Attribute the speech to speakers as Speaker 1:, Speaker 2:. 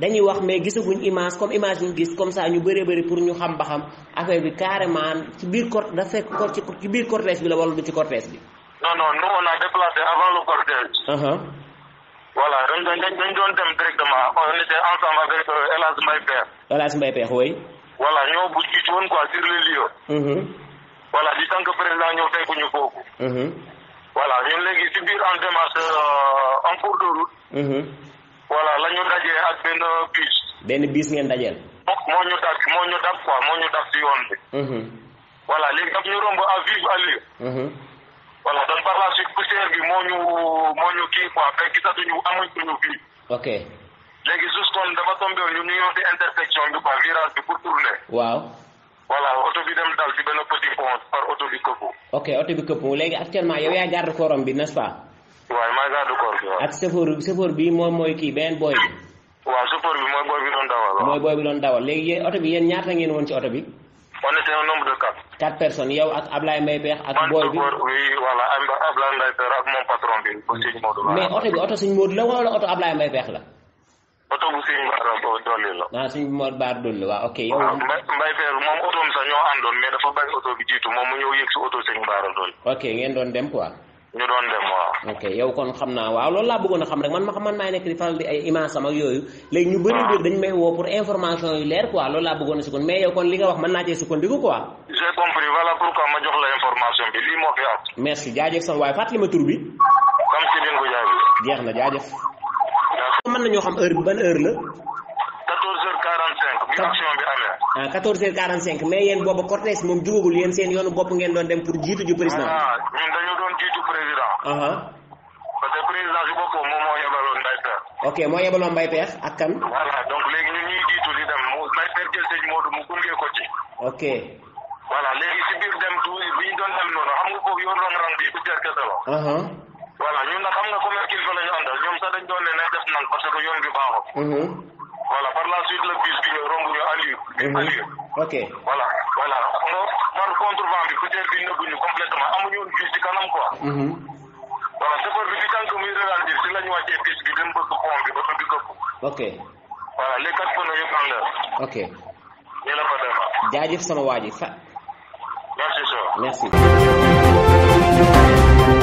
Speaker 1: dañuy wax mais gisaguñ image comme image ñu gis comme ça ñu bëree bëri pour ñu xam ba xam affaire bi carrément ci biir cor dafa fekk cor ci biir cortège bi la wala du ci cortège bi. non non nous on a déplacé avant le cortège. Uh-huh. voilà dañ doon dañ doon dem directement on était ensemble avec euh, El Hadj Mbaye Père. El Hadj Mbaye Père ñoo bu jiitu woon quoi sur les lieux. Uh-huh. voilà di tant président ñëw fekk ñu foofu. Uh-huh. voilà léegi ci biir en démarche euh, en cours de route. voilà la ñu dajee ak benn bis. benn bis ngeen dajeel. moo moo ñu dàq moo ñu dàq quoi moo ñu dàq si yoon bi. Mhm. voilà léegi daf ñu a à vive allure. Mhm. voilà donc par la suite poussière bi moo ñu moo ñu kii quoi fekk gisatuñu amuñ ko ñu fii. ok léegi juste kon dafa tombé ñu ñu ñëw si intersection bi quoi virage bi pour tourner. waaw. voilà oto bi dem dal si benn petit pont par oto bi këppu. ok oto bi këppu léegi actuellement yow yaa garde corps bi nest waaye maa gàddu koor bi waaw. ak chauffeur bi moom mooy kii beneen booy bi. waaw chauffeur bi mooy booy bi doon dawal. mooy booy bi doon dawal léegi yéen oto bi yéen ñaata ngeen woon ci oto bi. on était un nombre de quatre. quatre personnes yow ak Ablaye moom patron la wala oto Ablaye Mbaye Peex la. oto bu sëñ Baara la. ah sëñ Modou Baara Dolli waaw ok. yow waaw Mbaye Peex moom oto bi ñëw yëg si oto sëñ Baara Dolli. ok ngeen doon dem quoi. ñu doon dem waaw. ok yow kon xam naa waaw loolu laa bëggoon a xam rek man ma xam man maay nekk di faral di ay image sama yooyu. léegi ñu bëri biir dañ may woo pour information yu leer quoi loolu laa bëggoon a sukkandiku mais yow kon li nga wax mën naa cee sukkandiku quoi. j'ai compris voilà pourquoi ma jox la information bi lii moo fi am. merci jaajëf sax waaye fàttali ma tur bi. comme si dina ko jaajëf. na jaajëf. mën nañoo xam heure bi ban heure la. 14h45. ah 14h45 mais yéen boobu cortège moom jugagul yéen seen yoonu bopp ngeen doon dem pour jiitu ju président. ah ñun dañu doon jiitu président. Ah ah. parce que président si boppam moom moo yebaloon Mbaye Pekh. ok moo yebaloon Mbaye Pekh ak kan. voilà donc léegi ñun ñuy jiitu di dem mu Mbaye Pekh jël sëñ Modou ci. biir dem tuuti ñu doon dem noonu xam nga foofu yoon rang-rang bi bu jar kese la. Ah ñun nag xam nga comme kii fa la ñu àndal ñoom sax dañ doon Mm-hmm. ok voilà voilà man contrebande bi peut être bi nëbbuñu complètement amuñu woon fii ci kanam quoi. Mm-hmm. voilà chauffeur bi fi tànk muy ralentir si la ñu wàccee piste bi dem bëgg pont bi ba fa di këpp. ok voilà les quatre pneus yëpp en l'air. ok ñu la sama waa ji merci sir. merci.